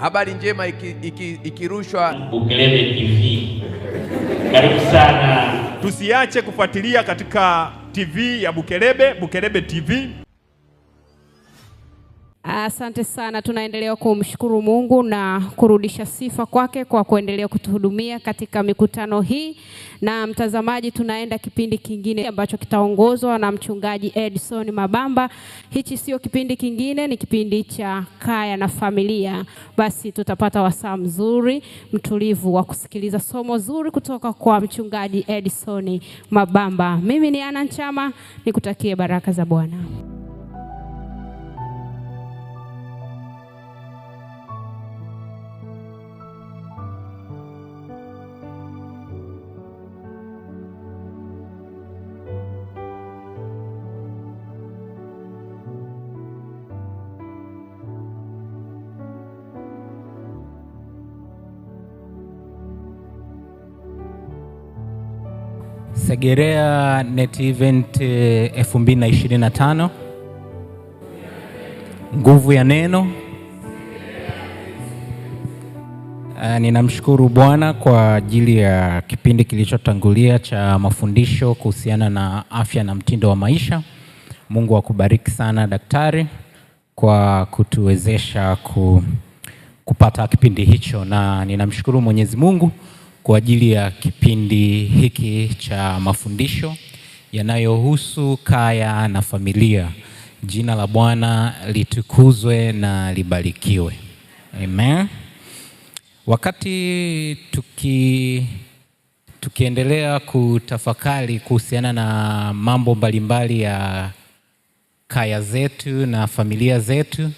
Habari njema ikirushwa iki, iki Bukelebe TV. Karibu sana, tusiache kufuatilia katika TV ya Bukelebe, Bukelebe TV. Asante sana, tunaendelea kumshukuru Mungu na kurudisha sifa kwake kwa kuendelea kutuhudumia katika mikutano hii. Na mtazamaji, tunaenda kipindi kingine ambacho kitaongozwa na mchungaji Edson Mabamba. Hichi sio kipindi kingine, ni kipindi cha Kaya na Familia. Basi tutapata wasaa mzuri mtulivu wa kusikiliza somo zuri kutoka kwa mchungaji Edson Mabamba. Mimi ni Ana Nchama, nikutakie baraka za Bwana. Segerea Net Event 2025 eh, nguvu ya neno. Uh, ninamshukuru Bwana kwa ajili ya kipindi kilichotangulia cha mafundisho kuhusiana na afya na mtindo wa maisha. Mungu akubariki sana daktari kwa kutuwezesha ku, kupata kipindi hicho na ninamshukuru Mwenyezi Mungu kwa ajili ya kipindi hiki cha mafundisho yanayohusu kaya na familia. Jina la Bwana litukuzwe na libarikiwe. Amen. Wakati tuki tukiendelea kutafakari kuhusiana na mambo mbalimbali ya kaya zetu na familia zetu,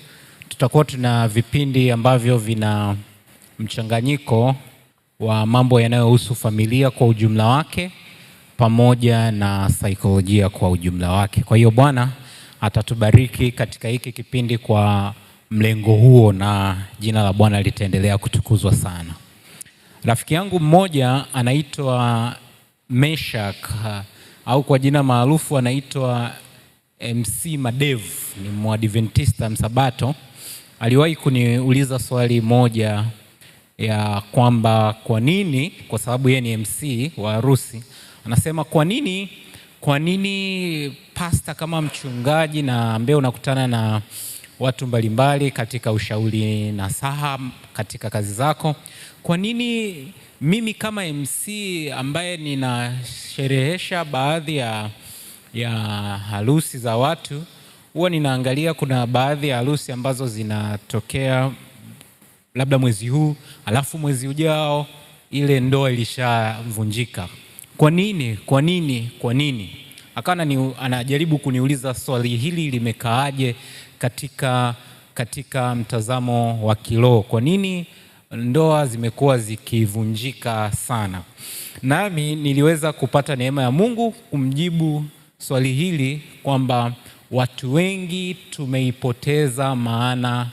tutakuwa tuna vipindi ambavyo vina mchanganyiko wa mambo yanayohusu familia kwa ujumla wake pamoja na saikolojia kwa ujumla wake. Kwa hiyo Bwana atatubariki katika hiki kipindi kwa mlengo huo, na jina la Bwana litaendelea kutukuzwa sana. Rafiki yangu mmoja anaitwa Meshak au kwa jina maarufu anaitwa MC Madev, ni Mwadventista msabato. Aliwahi kuniuliza swali moja ya kwamba kwa nini, kwa sababu yeye ni MC wa harusi, anasema kwa nini, kwa nini pasta kama mchungaji na ambaye unakutana na watu mbalimbali katika ushauri na saha katika kazi zako, kwa nini mimi kama MC ambaye ninasherehesha baadhi ya, ya harusi za watu huwa ninaangalia kuna baadhi ya harusi ambazo zinatokea labda mwezi huu, alafu mwezi ujao ile ndoa ilishavunjika. Kwa nini? Kwa nini? Kwa nini? Akawa anajaribu kuniuliza swali hili limekaaje katika, katika mtazamo wa kiroho. Kwa nini ndoa zimekuwa zikivunjika sana? Nami niliweza kupata neema ya Mungu kumjibu swali hili kwamba watu wengi tumeipoteza maana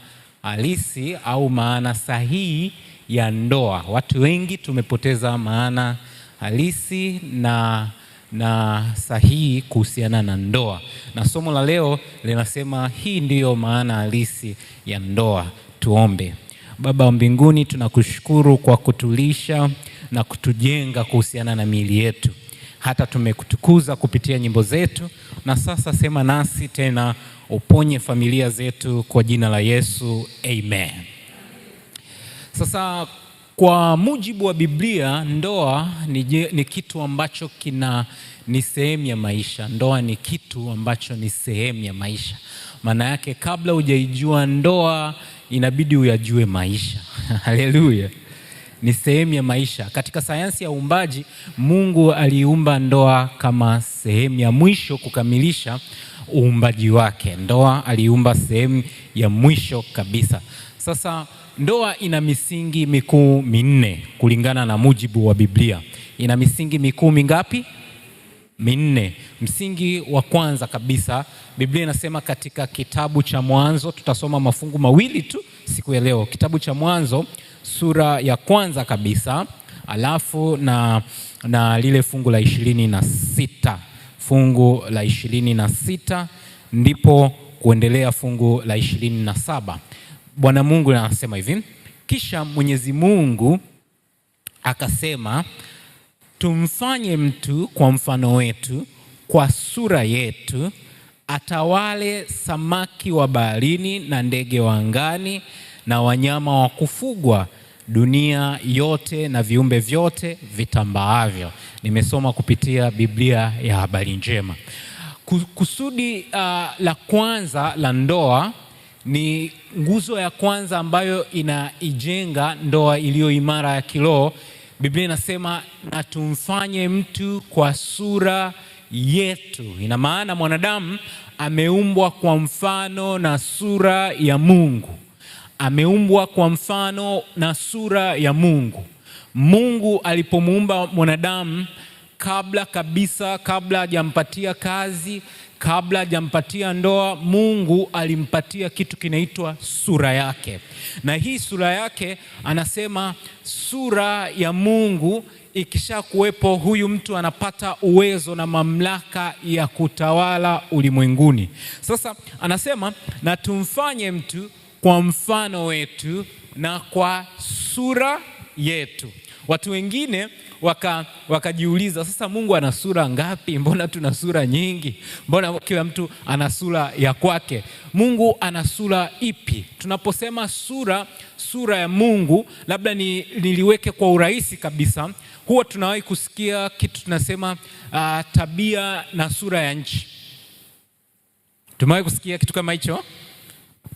halisi au maana sahihi ya ndoa. Watu wengi tumepoteza maana halisi na na sahihi kuhusiana na ndoa, na somo la leo linasema hii ndiyo maana halisi ya ndoa. Tuombe. Baba wa mbinguni, tunakushukuru kwa kutulisha na kutujenga kuhusiana na miili yetu, hata tumekutukuza kupitia nyimbo zetu, na sasa sema nasi tena uponye familia zetu kwa jina la Yesu, amen. Sasa kwa mujibu wa Biblia, ndoa ni, ni kitu ambacho kina ni sehemu ya maisha. Ndoa ni kitu ambacho ni sehemu ya maisha. Maana yake kabla hujaijua ndoa, inabidi uyajue maisha. Haleluya! ni sehemu ya maisha. Katika sayansi ya uumbaji, Mungu aliumba ndoa kama sehemu ya mwisho kukamilisha uumbaji wake. Ndoa aliumba sehemu ya mwisho kabisa. Sasa ndoa ina misingi mikuu minne kulingana na mujibu wa Biblia. Ina misingi mikuu mingapi? Minne. Msingi wa kwanza kabisa, Biblia inasema katika kitabu cha Mwanzo, tutasoma mafungu mawili tu siku ya leo, kitabu cha Mwanzo sura ya kwanza kabisa, alafu na, na lile fungu la ishirini na sita fungu la ishirini na sita ndipo kuendelea fungu la ishirini na saba Bwana Mungu anasema hivi: kisha Mwenyezi Mungu akasema, tumfanye mtu kwa mfano wetu, kwa sura yetu, atawale samaki wa baharini na ndege wa angani na wanyama wa kufugwa dunia yote na viumbe vyote vitambaavyo. Nimesoma kupitia Biblia ya Habari Njema. Kusudi uh, la kwanza la ndoa ni nguzo ya kwanza ambayo inaijenga ndoa iliyo imara ya kiroho. Biblia inasema na tumfanye mtu kwa sura yetu. Ina maana mwanadamu ameumbwa kwa mfano na sura ya Mungu ameumbwa kwa mfano na sura ya Mungu. Mungu alipomuumba mwanadamu kabla kabisa, kabla hajampatia kazi, kabla hajampatia ndoa, Mungu alimpatia kitu kinaitwa sura yake, na hii sura yake anasema, sura ya Mungu ikisha kuwepo, huyu mtu anapata uwezo na mamlaka ya kutawala ulimwenguni. Sasa anasema na tumfanye mtu kwa mfano wetu na kwa sura yetu. Watu wengine waka, wakajiuliza sasa, Mungu ana sura ngapi? Mbona tuna sura nyingi? Mbona kila mtu ana sura ya kwake? Mungu ana sura ipi? Tunaposema sura, sura ya Mungu, labda ni, niliweke kwa urahisi kabisa, huwa tunawahi kusikia kitu tunasema uh, tabia na sura ya nchi. Tumewahi kusikia kitu kama hicho?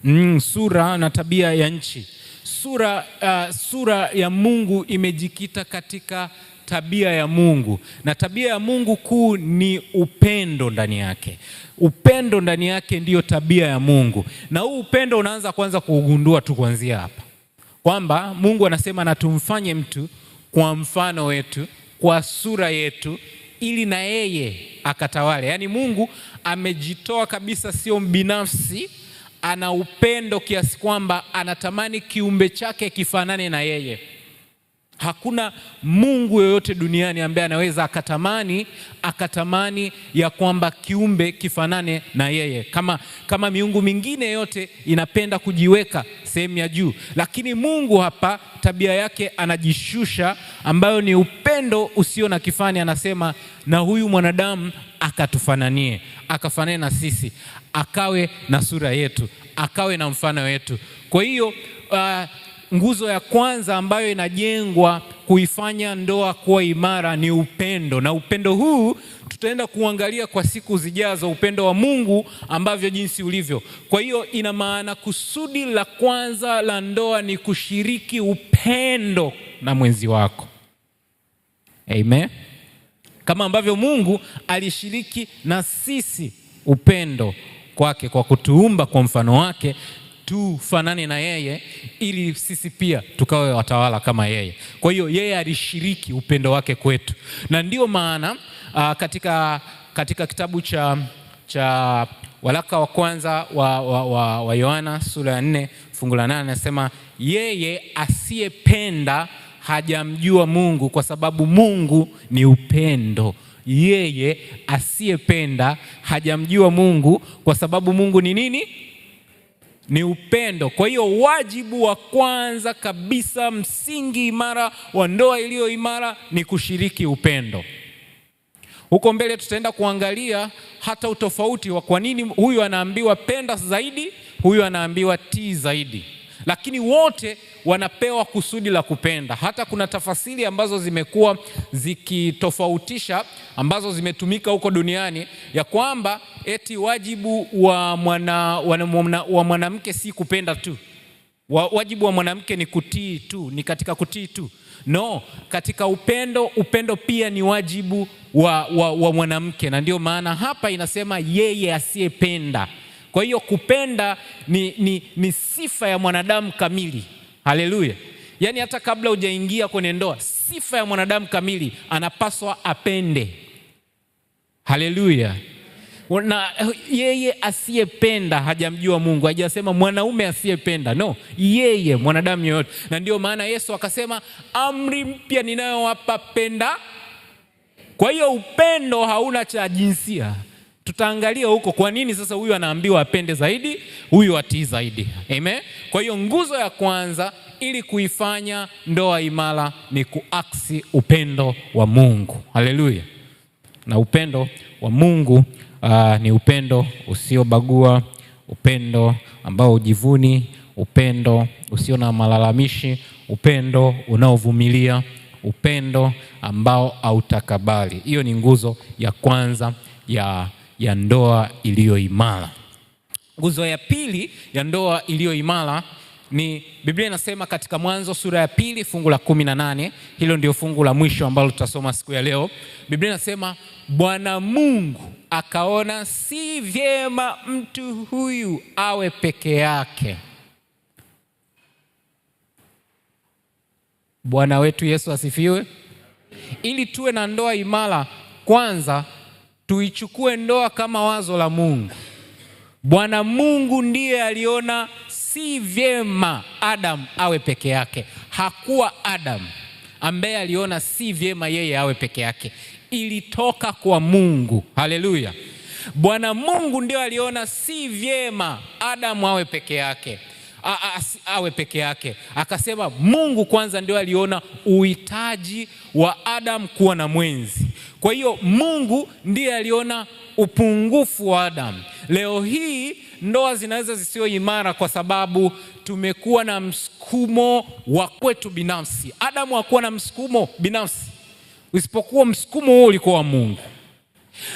mm, sura na tabia ya nchi. Sura, uh, sura ya Mungu imejikita katika tabia ya Mungu na tabia ya Mungu kuu ni upendo ndani yake. Upendo ndani yake ndiyo tabia ya Mungu, na huu upendo unaanza kwanza kuugundua tu kuanzia hapa kwamba Mungu anasema na tumfanye mtu kwa mfano wetu, kwa sura yetu, ili na yeye akatawale. Yaani Mungu amejitoa kabisa, sio binafsi ana upendo kiasi kwamba anatamani kiumbe chake kifanane na yeye. Hakuna Mungu yoyote duniani ambaye anaweza akatamani akatamani ya kwamba kiumbe kifanane na yeye, kama, kama miungu mingine yote inapenda kujiweka sehemu ya juu, lakini Mungu hapa tabia yake anajishusha, ambayo ni upendo usio na kifani. Anasema na huyu mwanadamu akatufananie, akafanane na sisi, akawe na sura yetu, akawe na mfano wetu. Kwa hiyo uh, nguzo ya kwanza ambayo inajengwa kuifanya ndoa kuwa imara ni upendo, na upendo huu tutaenda kuangalia kwa siku zijazo, upendo wa Mungu ambavyo jinsi ulivyo. Kwa hiyo ina maana kusudi la kwanza la ndoa ni kushiriki upendo na mwenzi wako. Amen. Kama ambavyo Mungu alishiriki na sisi upendo kwake kwa kutuumba kwa mfano wake tufanane na yeye ili sisi pia tukawe watawala kama yeye. Kwa hiyo yeye alishiriki upendo wake kwetu, na ndiyo maana uh, katika, katika kitabu cha, cha walaka wa kwanza wa, wa, wa, wa Yohana sura ya 4 fungu la 8 anasema yeye asiyependa hajamjua Mungu kwa sababu Mungu ni upendo. Yeye asiyependa hajamjua Mungu kwa sababu Mungu ni nini? ni upendo. Kwa hiyo wajibu wa kwanza kabisa, msingi imara wa ndoa iliyo imara ni kushiriki upendo. Huko mbele tutaenda kuangalia hata utofauti wa kwa nini huyu anaambiwa penda zaidi, huyu anaambiwa tii zaidi, lakini wote wanapewa kusudi la kupenda. Hata kuna tafasiri ambazo zimekuwa zikitofautisha, ambazo zimetumika huko duniani ya kwamba eti wajibu wa mwanamke mwana, wa mwana si kupenda tu wa, wajibu wa mwanamke ni kutii tu, ni katika kutii tu. No, katika upendo, upendo pia ni wajibu wa, wa, wa mwanamke, na ndio maana hapa inasema yeye asiyependa. Kwa hiyo kupenda ni, ni, ni sifa ya mwanadamu kamili. Haleluya! Yaani hata kabla hujaingia kwenye ndoa, sifa ya mwanadamu kamili anapaswa apende. Haleluya! na yeye asiyependa hajamjua Mungu. Hajasema mwanaume asiyependa, no, yeye mwanadamu yoyote. Na ndio maana Yesu akasema amri mpya ninayowapa, penda. Kwa hiyo upendo hauna cha jinsia tutaangalia huko, kwa nini sasa huyu anaambiwa apende zaidi, huyu atii zaidi. Amen. Kwa hiyo nguzo ya kwanza ili kuifanya ndoa imara ni kuaksi upendo wa Mungu. Haleluya! Na upendo wa Mungu uh, ni upendo usiobagua, upendo ambao ujivuni, upendo usio na malalamishi, upendo unaovumilia, upendo ambao hautakabali. Hiyo ni nguzo ya kwanza ya ya ndoa iliyo imara. Nguzo ya pili ya ndoa iliyo imara ni Biblia inasema katika Mwanzo sura ya pili fungu la kumi na nane. Hilo ndio fungu la mwisho ambalo tutasoma siku ya leo. Biblia inasema Bwana Mungu akaona si vyema mtu huyu awe peke yake. Bwana wetu Yesu asifiwe. Ili tuwe na ndoa imara, kwanza tuichukue ndoa kama wazo la Mungu. Bwana Mungu ndiye aliona si vyema Adam awe peke yake. Hakuwa Adam ambaye aliona si vyema yeye awe peke yake, ilitoka kwa Mungu. Haleluya! Bwana Mungu ndio aliona si vyema Adamu awe peke yake A -a awe peke yake, akasema Mungu kwanza ndio aliona uhitaji wa Adamu kuwa na mwenzi. Kwa hiyo Mungu ndiye aliona upungufu wa Adamu. Leo hii ndoa zinaweza zisiwe imara kwa sababu tumekuwa na msukumo wa kwetu binafsi. Adamu hakuwa na msukumo binafsi, usipokuwa msukumo huo ulikuwa wa Mungu.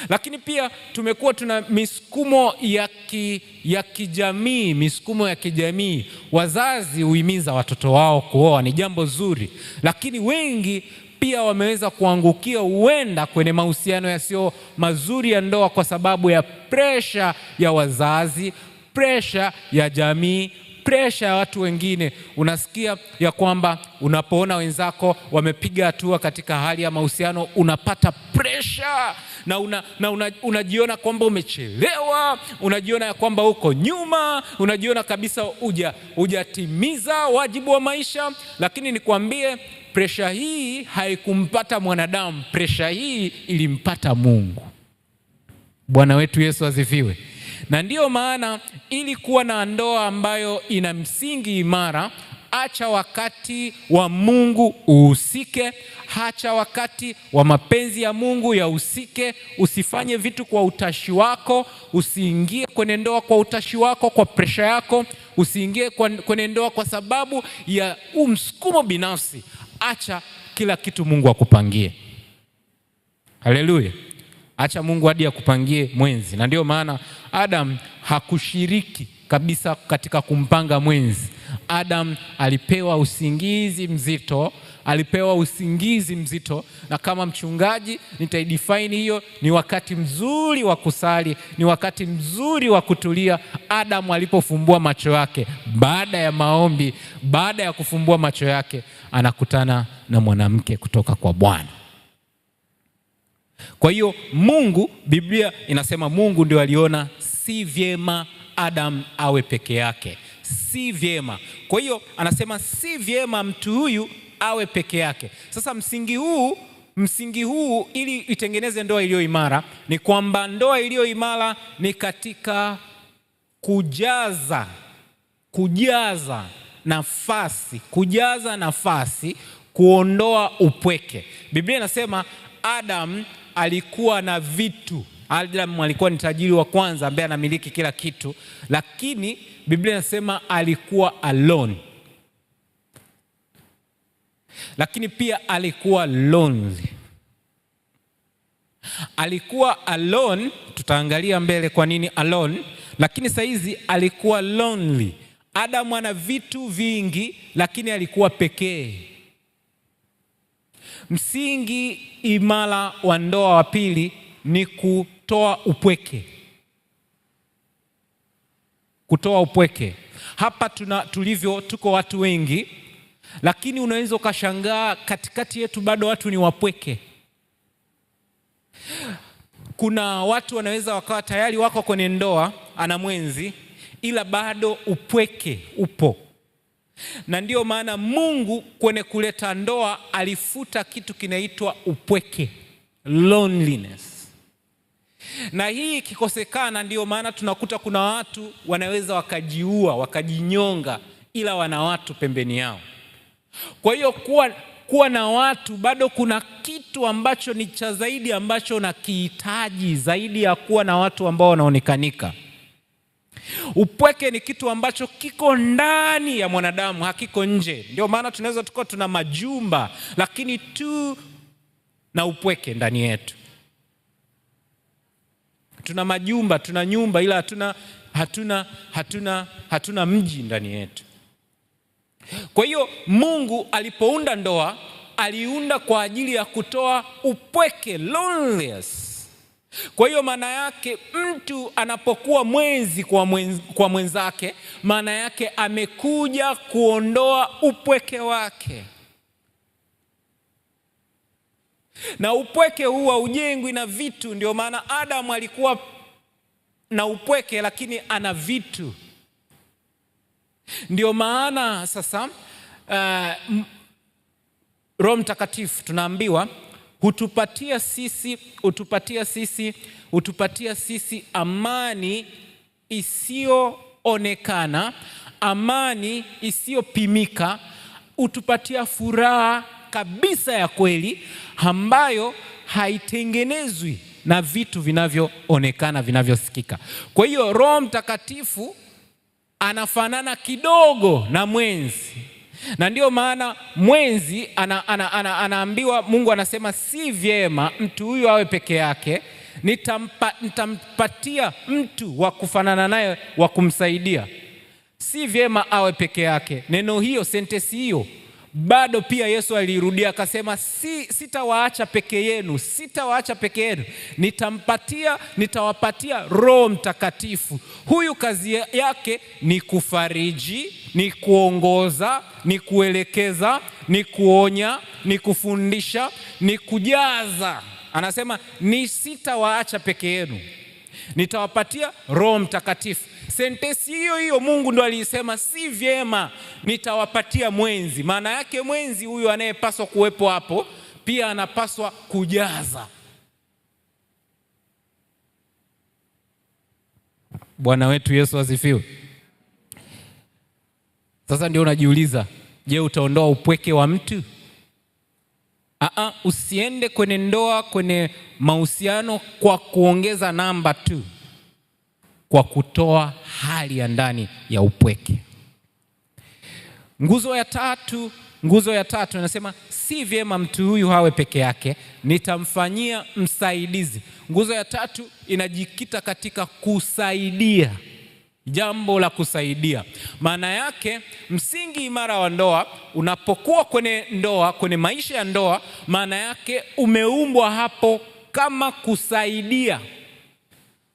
Lakini pia tumekuwa tuna misukumo ya, ki, ya kijamii, misukumo ya kijamii. Wazazi huhimiza watoto wao kuoa, ni jambo zuri, lakini wengi pia wameweza kuangukia huenda kwenye mahusiano yasiyo mazuri ya ndoa kwa sababu ya presha ya wazazi, presha ya jamii, presha ya watu wengine. Unasikia ya kwamba unapoona wenzako wamepiga hatua katika hali ya mahusiano, unapata presha na, una, na una, unajiona kwamba umechelewa, unajiona ya kwamba uko nyuma, unajiona kabisa uja hujatimiza wajibu wa maisha. Lakini nikwambie presha hii haikumpata mwanadamu, presha hii ilimpata Mungu. Bwana wetu Yesu asifiwe. Na ndiyo maana ili kuwa na ndoa ambayo ina msingi imara, acha wakati wa Mungu uhusike, acha wakati wa mapenzi ya Mungu yahusike. Usifanye vitu kwa utashi wako, usiingie kwenye ndoa kwa utashi wako, kwa presha yako, usiingie kwenye ndoa kwa sababu ya umsukumo binafsi acha kila kitu Mungu akupangie. Haleluya! Acha Mungu hadi akupangie mwenzi, na ndio maana Adam hakushiriki kabisa katika kumpanga mwenzi. Adam alipewa usingizi mzito, alipewa usingizi mzito, na kama mchungaji nitaidefine hiyo, ni wakati mzuri wa kusali, ni wakati mzuri wa kutulia. Adamu alipofumbua macho yake baada ya maombi, baada ya kufumbua macho yake, anakutana na mwanamke kutoka kwa Bwana. Kwa hiyo Mungu, Biblia inasema Mungu ndio aliona si vyema Adam awe peke yake, si vyema. Kwa hiyo anasema si vyema mtu huyu awe peke yake. Sasa msingi huu msingi huu ili itengeneze ndoa iliyo imara ni kwamba ndoa iliyo imara ni katika kujaza kujaza nafasi kujaza nafasi, kuondoa upweke. Biblia inasema Adam alikuwa na vitu Adam alikuwa ni tajiri wa kwanza ambaye anamiliki kila kitu, lakini Biblia inasema alikuwa alone, lakini pia alikuwa lonely. Alikuwa alone, tutaangalia mbele kwa nini alone, lakini saizi alikuwa lonely. Adam ana vitu vingi, lakini alikuwa pekee. Msingi imara wa ndoa wa pili ni ku kutoa upweke, kutoa upweke. Hapa tuna tulivyo, tuko watu wengi, lakini unaweza ukashangaa katikati yetu bado watu ni wapweke. Kuna watu wanaweza wakawa tayari wako kwenye ndoa, ana mwenzi, ila bado upweke upo na ndiyo maana Mungu kwenye kuleta ndoa alifuta kitu kinaitwa upweke, loneliness na hii ikikosekana, ndio maana tunakuta kuna watu wanaweza wakajiua wakajinyonga, ila wana watu pembeni yao. Kwa hiyo kuwa, kuwa na watu bado kuna kitu ambacho ni cha zaidi ambacho unakihitaji zaidi ya kuwa na watu ambao wanaonekanika. Upweke ni kitu ambacho kiko ndani ya mwanadamu, hakiko nje. Ndio maana tunaweza tukawa tuna majumba, lakini tu na upweke ndani yetu. Tuna majumba, tuna nyumba, ila hatuna, hatuna, hatuna, hatuna mji ndani yetu. Kwa hiyo Mungu alipounda ndoa aliunda kwa ajili ya kutoa upweke loneliness. Kwa hiyo maana yake mtu anapokuwa mwenzi kwa, mwenzi, kwa mwenzake maana yake amekuja kuondoa upweke wake. Na upweke huu haujengwi na vitu. Ndio maana Adamu alikuwa na upweke, lakini ana vitu. Ndio maana sasa uh, Roho Mtakatifu tunaambiwa hutupatia sisi hutupatia sisi hutupatia sisi amani isiyoonekana, amani isiyopimika, hutupatia furaha kabisa ya kweli ambayo haitengenezwi na vitu vinavyoonekana vinavyosikika. Kwa hiyo Roho Mtakatifu anafanana kidogo na mwenzi, na ndiyo maana mwenzi ana, ana, ana, anaambiwa Mungu anasema si vyema mtu huyu awe peke yake, nitampa, nitampatia mtu wa kufanana naye wa kumsaidia. Si vyema awe peke yake. Neno hiyo sentesi hiyo bado pia Yesu alirudia akasema, si, sitawaacha peke yenu, sitawaacha peke yenu, nitampatia nitawapatia Roho Mtakatifu. Huyu kazi yake ni kufariji, ni kuongoza, ni kuelekeza, ni kuonya, ni kufundisha, ni kujaza. Anasema ni sitawaacha peke yenu, nitawapatia Roho Mtakatifu. Sentensi hiyo hiyo Mungu ndo aliisema, si vyema nitawapatia mwenzi. Maana yake mwenzi huyu anayepaswa kuwepo hapo pia anapaswa kujaza. Bwana wetu Yesu asifiwe. Sasa ndio unajiuliza, je, utaondoa upweke wa mtu? Aa, usiende kwenye ndoa, kwenye mahusiano kwa kuongeza namba tu kwa kutoa hali ya ndani ya upweke. Nguzo ya tatu, nguzo ya tatu inasema si vyema mtu huyu hawe peke yake, nitamfanyia msaidizi. Nguzo ya tatu inajikita katika kusaidia, jambo la kusaidia. Maana yake msingi imara wa ndoa, unapokuwa kwenye ndoa, kwenye maisha ya ndoa, maana yake umeumbwa hapo kama kusaidia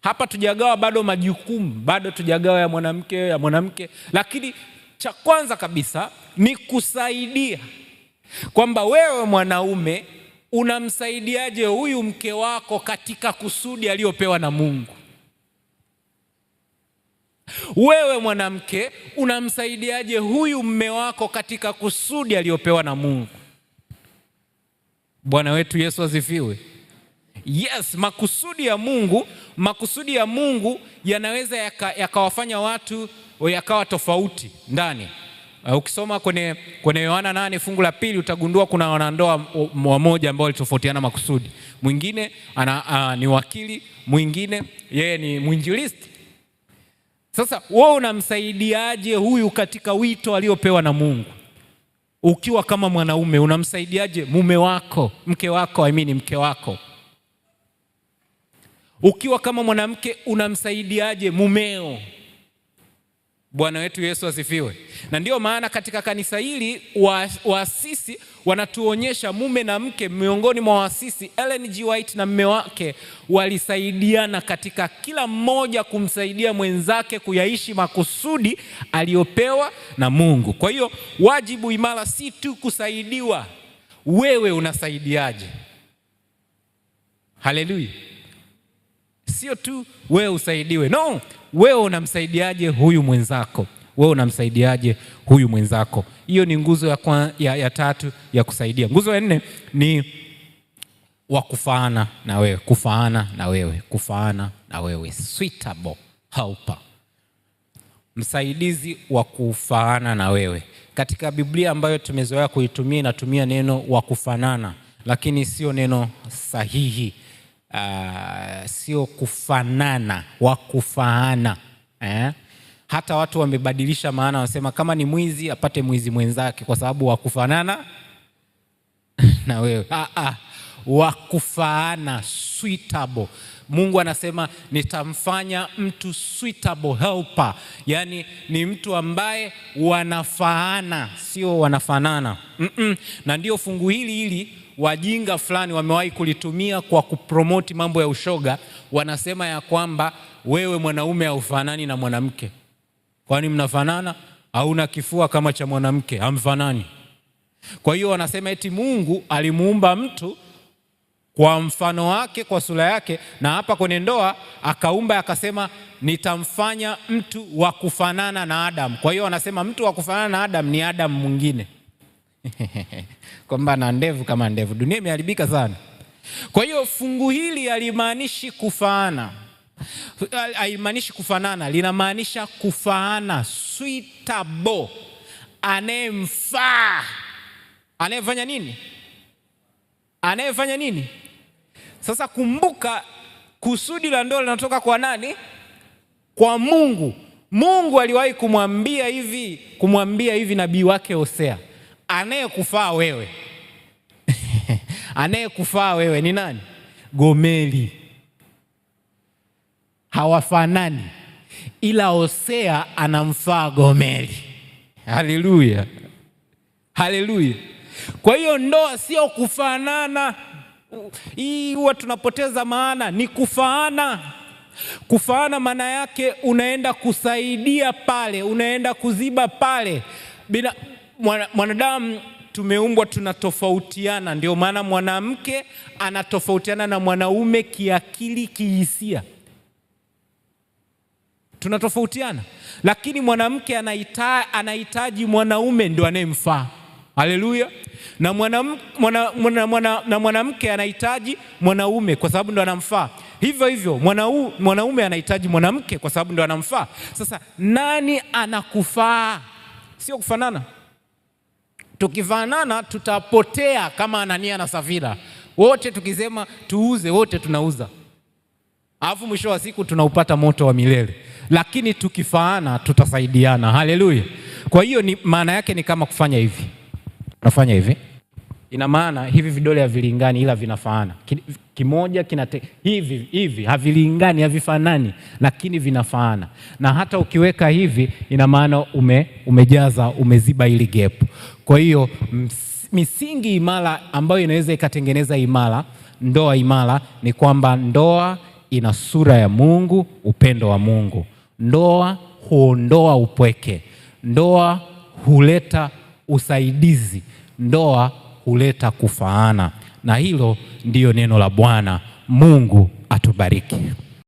hapa tujagawa bado majukumu, bado tujagawa ya mwanamke ya mwanamke, lakini cha kwanza kabisa ni kusaidia, kwamba wewe mwanaume unamsaidiaje huyu mke wako katika kusudi aliyopewa na Mungu. Wewe mwanamke unamsaidiaje huyu mme wako katika kusudi aliyopewa na Mungu. Bwana wetu Yesu asifiwe. Yes, makusudi ya Mungu, makusudi ya Mungu yanaweza yakawafanya yaka watu yakawa tofauti ndani. Uh, ukisoma kwenye kwenye Yohana nane fungu la pili utagundua kuna wanandoa wamoja ambao walitofautiana makusudi. Mwingine ana, a, ni wakili, mwingine yeye ni mwinjilisti. Sasa wewe unamsaidiaje huyu katika wito aliopewa na Mungu? Ukiwa kama mwanaume unamsaidiaje mume wako, mke wako, I mean mke wako ukiwa kama mwanamke unamsaidiaje mumeo? Bwana wetu Yesu asifiwe. Na ndiyo maana katika kanisa hili waasisi wanatuonyesha mume na mke, miongoni mwa waasisi Ellen G. White na mume wake walisaidiana katika kila mmoja kumsaidia mwenzake kuyaishi makusudi aliyopewa na Mungu. Kwa hiyo wajibu imara si tu kusaidiwa, wewe unasaidiaje? Haleluya. Sio tu wewe usaidiwe, no, wewe unamsaidiaje huyu mwenzako? Wewe unamsaidiaje huyu mwenzako? Hiyo ni nguzo ya, kwa, ya, ya tatu ya kusaidia. Nguzo ya nne ni wa kufaana na wewe, kufaana na wewe, kufaana na wewe, suitable helper, msaidizi wa kufaana na wewe. Katika Biblia ambayo tumezoea kuitumia inatumia neno wa kufanana, lakini sio neno sahihi uh, sio kufanana, wakufaana eh? Hata watu wamebadilisha maana, wanasema kama ni mwizi apate mwizi mwenzake, kwa sababu wakufanana na wewe. Ah, ah, wakufaana, suitable. Mungu anasema nitamfanya mtu suitable helper, yaani ni mtu ambaye wanafaana, sio wanafanana mm -mm. Na ndio fungu hili hili wajinga fulani wamewahi kulitumia kwa kupromoti mambo ya ushoga. Wanasema ya kwamba wewe mwanaume haufanani na mwanamke. Kwani mnafanana? Hauna kifua kama cha mwanamke, hamfanani. Kwa hiyo wanasema eti Mungu alimuumba mtu kwa mfano wake, kwa sura yake, na hapa kwenye ndoa akaumba, akasema nitamfanya mtu wa kufanana na Adamu. Kwa hiyo wanasema mtu wa kufanana na Adamu ni Adamu mwingine. kwamba na ndevu kama ndevu. Dunia imeharibika sana. Kwa hiyo fungu hili halimaanishi kufaana, haimaanishi kufanana, linamaanisha kufaana, suitable, anayemfaa, anayefanya nini, anayefanya nini. Sasa kumbuka, kusudi la ndoa linatoka kwa nani? Kwa Mungu. Mungu aliwahi kumwambia hivi, kumwambia hivi nabii wake Hosea anayekufaa wewe anayekufaa wewe ni nani? Gomeli. Hawafanani, ila Hosea anamfaa Gomeli. Haleluya, haleluya! Kwa hiyo ndoa sio kufanana, hii huwa tunapoteza maana. Ni kufaana. Kufaana maana yake unaenda kusaidia pale, unaenda kuziba pale bina mwanadamu tumeumbwa tunatofautiana, ndio maana mwanamke anatofautiana na mwanaume kiakili, kihisia, tunatofautiana, lakini mwanamke anahitaji mwanaume ndio anayemfaa. Haleluya! na mwanamke mwana, mwana, mwana, mwana anahitaji mwanaume kwa sababu ndo anamfaa. Hivyo hivyo mwanaume mwana anahitaji mwanamke kwa sababu ndo anamfaa. Sasa nani anakufaa? Sio kufanana. Tukifanana tutapotea kama Anania na Safira, wote tukisema tuuze, wote tunauza, alafu mwisho wa siku tunaupata moto wa milele. Lakini tukifaana tutasaidiana. Haleluya! Kwa hiyo ni maana yake ni kama kufanya hivi, unafanya hivi, ina maana hivi vidole havilingani, ila vinafaana. Kimoja kinate, hivi hivi havilingani, havifanani, lakini vinafaana. Na hata ukiweka hivi, ina maana ume, umejaza umeziba ili gap. Kwa hiyo misingi imara ambayo inaweza ikatengeneza imara ndoa imara ni kwamba ndoa ina sura ya Mungu, upendo wa Mungu. Ndoa huondoa upweke, ndoa huleta usaidizi, ndoa huleta kufaana, na hilo ndiyo neno la Bwana. Mungu atubariki.